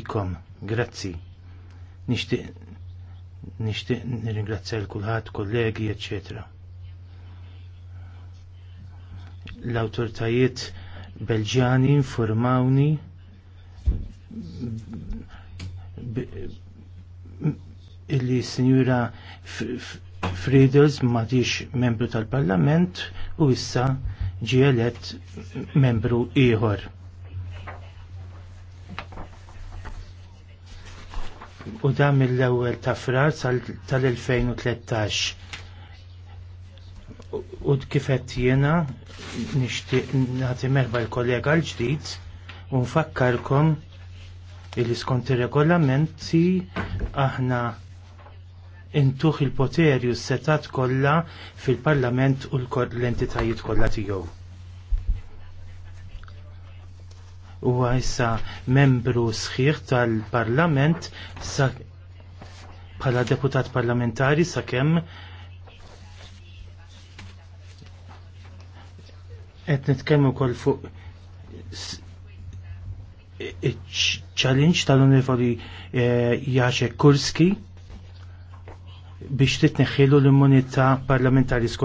ikom, grazzi. Nishtiq nishtiq nirringrazzja l kulħadd kollegi, eccetera. L-awtoritajiet Belġjani informawni illi s-Sinjura ma matix membru tal-Parlament u issa ġielet membru ieħor. u dam mill-ewwel ta' frar tal-2013. U kifet jena nixtieq nagħti merba l-kollega l-ġdid u nfakkarkom li skont ir-regolamenti aħna intuħ il poterju s-setat kollha fil-Parlament u l-entitajiet kollha tiegħu. u issa membru sħiħ tal-parlament bħala deputat parlamentari sakemm qed nitkellmu wkoll fuq challenge tal-Onorevoli eh, Jacek Kurski biex titneħħilu l-immunità parlamentari skont